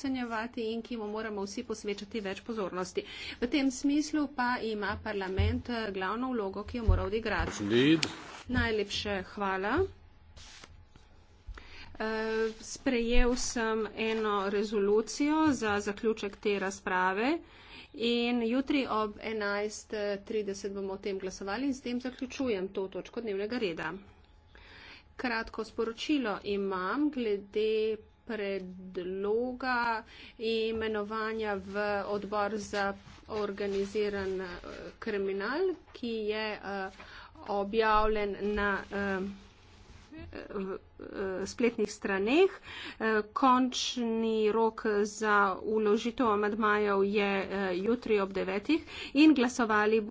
ocenjevati in ki mu moramo vsi posvečati več pozornosti. V tem smislu pa ima parlament eh, glavno vlogo, ki jo mora odigrati. Lead. Najlepše hvala. Eh, sprejel sem eno rezolucijo za zaključek te razprave in jutri ob 11.30 bomo o tem glasovali in s tem zaključujem to točko dnevnega reda. Kratko sporočilo imam glede predloga imenovanja v odbor za organiziran eh, kriminal, ki je eh, objavljen na eh, spletnih straneh. Končni rok za uložitev amadmajev je jutri ob devetih in glasovali bomo.